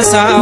ካሳው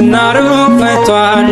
ዝናሩ ፈቷል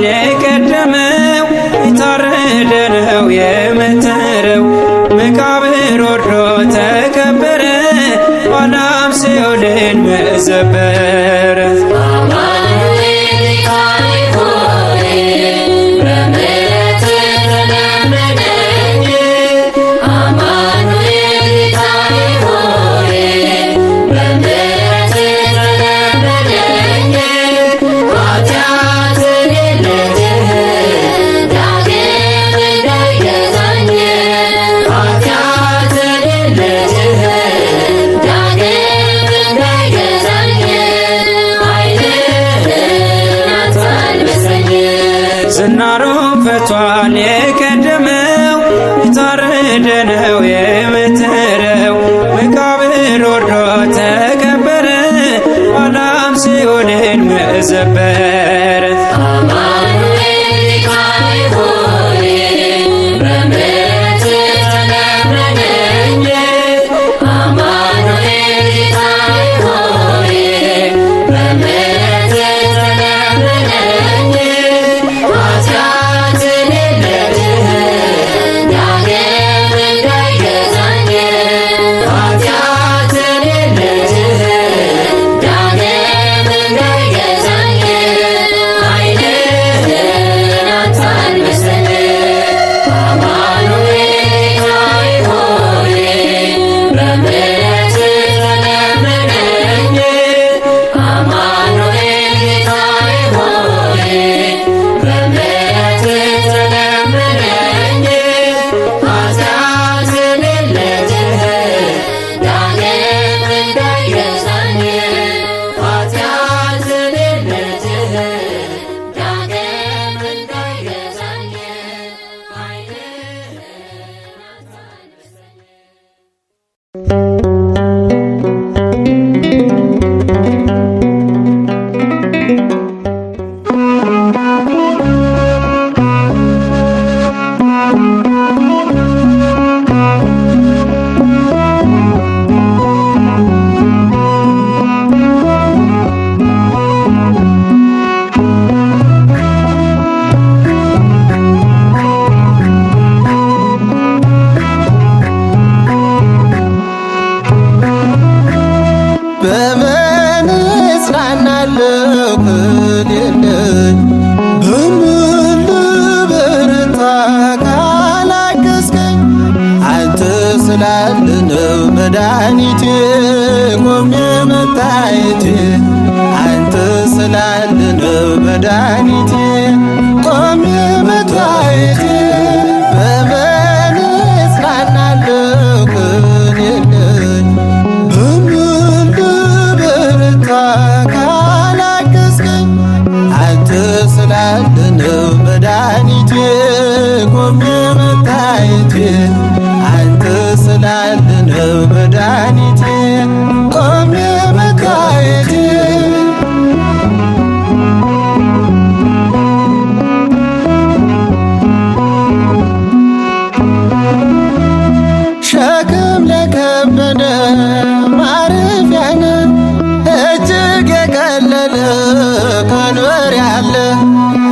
ያለ ያለ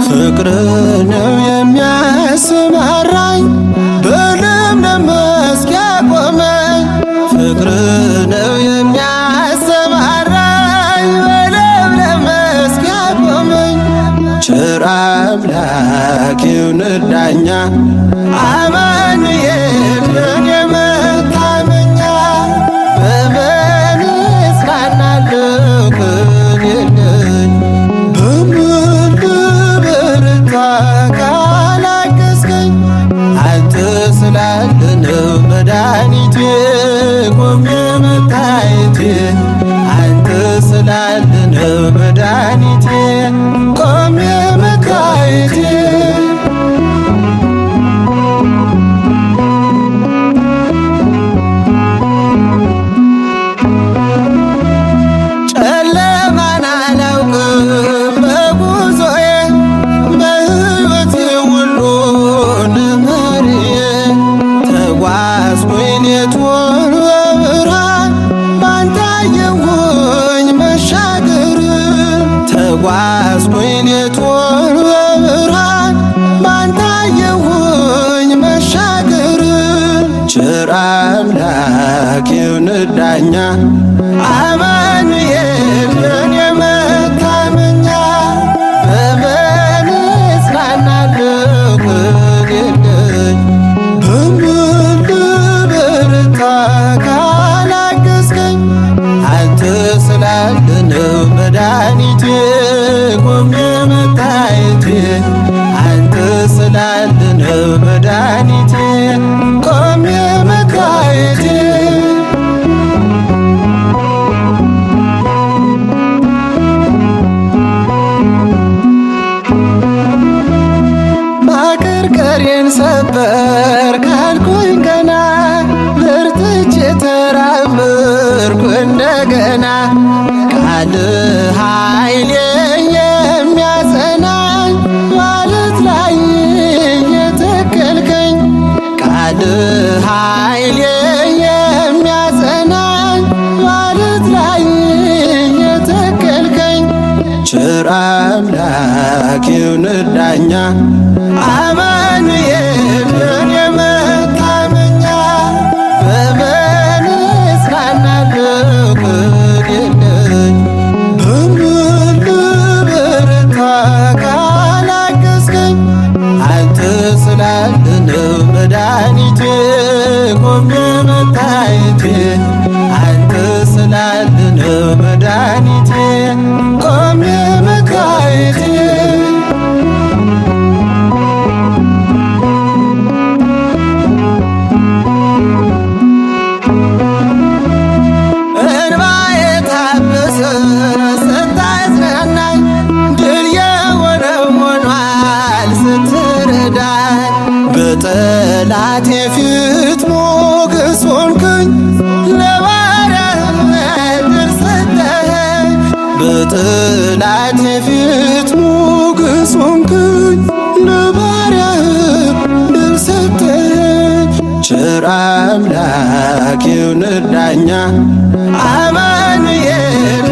ፍቅር ነው የሚያሰማራኝ በልም መስክ ያቆመኝ ፍቅር ነው የሚያሰማራኝ በለምለም መስክ ያቆመኝ ቸር አምላክ ይሁንልኝ ዳኛ ተጓዝኩኝ ሌቱን በብርሃን ባንታየሁኝ መሻገር ቸር አምላክ ይሁን ዳኛ ይመጣልን መድኃኒቴ አምላኪው ንዳኛ አማኑኤል እኛ አማኑኤል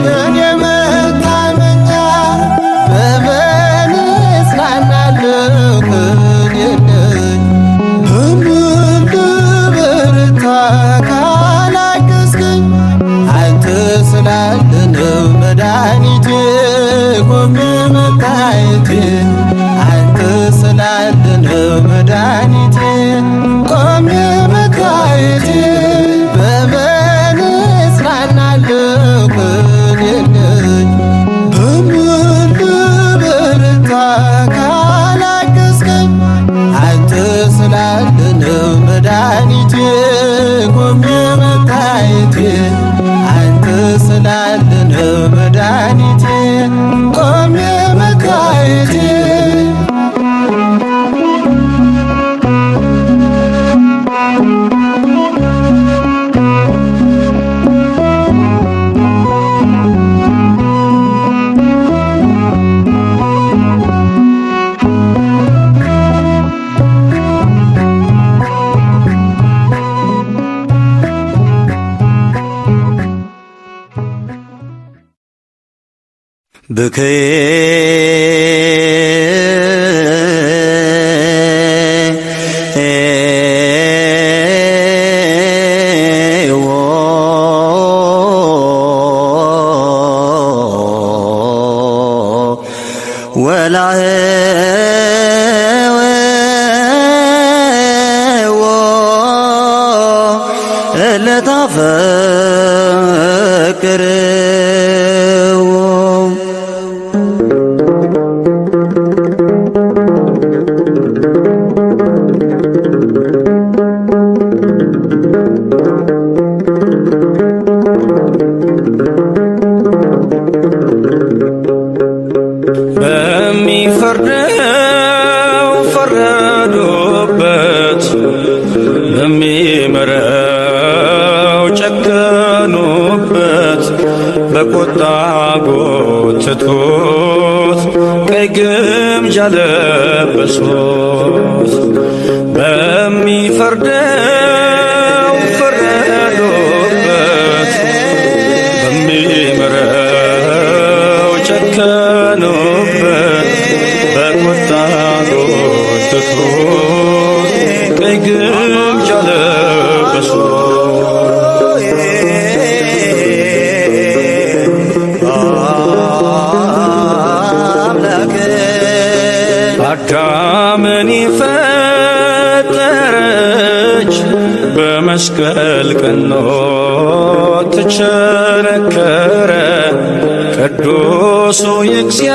Bekeer.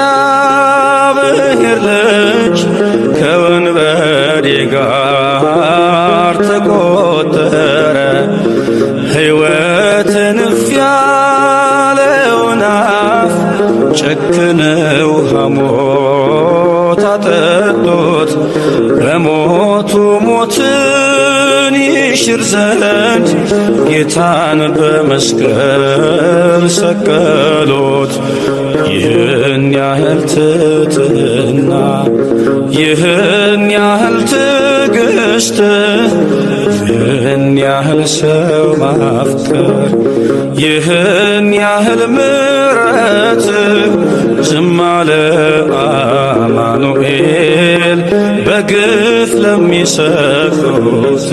እግዚአብሔር ልጅ ከወንበዴ ጋር ተቆጠረ። ሕይወትን ፍያለውን አፍ ጨክነው ሐሞት አጠጡት በሞቱ ሞት ይሽር ዘንድ ጌታን በመስቀል ሰቀሎት። ይህን ያህል ትትና ይህን ያህል ትግስት ይህን ያህል ሰው ማፍቀር ይህን ያህል ምረት ዝማለ አማኑኤል ግፍ ለሚሰክሩት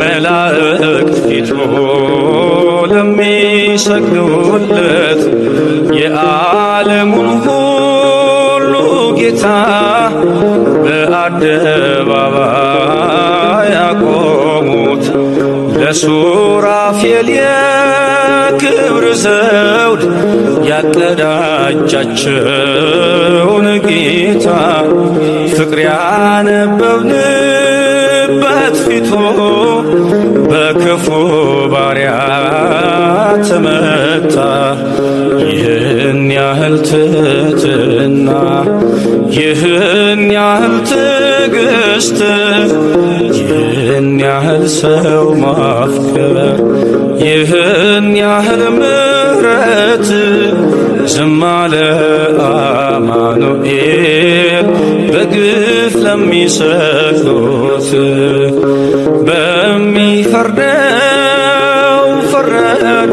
መላእክት ፊቱ ለሚሰግዱለት የዓለሙን ሁሉ ጌታ በአደባባይ ያቆሙት ለሱራፌል የክብር ዘውድ ያቀዳጃቸውን ጌታ ፍቅር ያነበብን በሚያምርበት ፊቱ በክፉ ባሪያ ተመታ። ይህን ያህል ትትና ይህን ያህል ትግስት ይህን ያህል ሰው ማፍቀር ይህን ያህል ምሕረት ዝማለ አማኑኤል በግብ ለሚሰግዱት በሚፈርደው ፈረዱ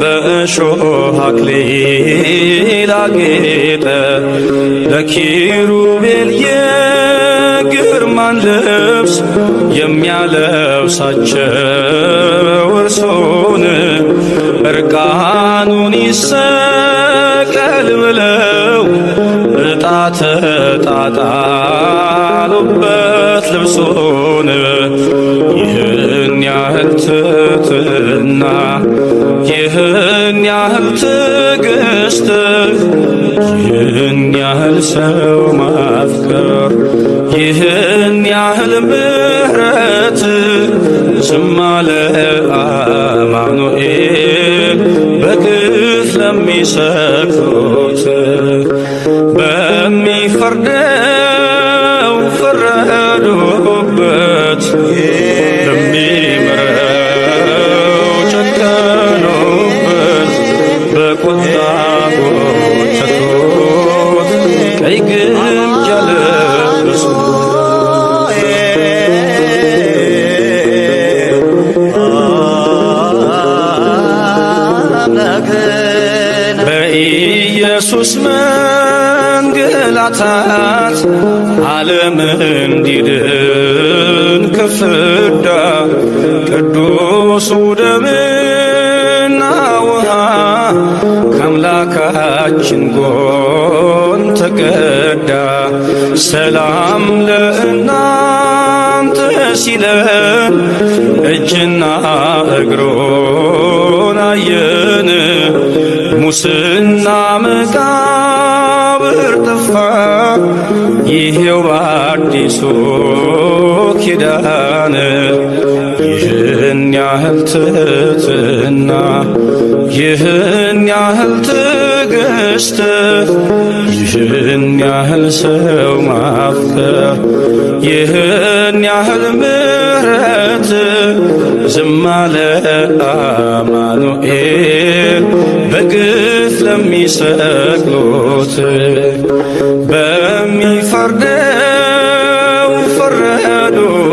በእሾህ አክሊል አጌጠ ለኪሩቤል የግርማን ልብስ የሚያለብሳቸው እርሶን እርቃኑን ይሰቀል ብለው ዕጣ ተጣጣሉበት ልብሶ ትህትና ይህን ያህል ትዕግስትህ ይህን ያህል ሰው ማፍቀር ይህን ያህል ምሕረት ዝም አለ አማኑኤል በግፍ ለሚሰክሩት የኢየሱስ መንገላታት ዓለም እንዲድን ከፍዳ ቅዱሱ ደምና ውሃ ከአምላካችን ጎን ተቀዳ። ሰላም ለእናንተ ሲለን እጅና እግሮን አየን ሙስና ይሄው በአዲሱ ኪዳን ይህን ያህል ትትና ይህን ያህል ትግስት ይህን ያህል ሰው ማፍቀር ይህን ያህል ምረት ዝማለ አማኑኤል በግ በሚሰቅሉት በሚፈርደው ፈረዱ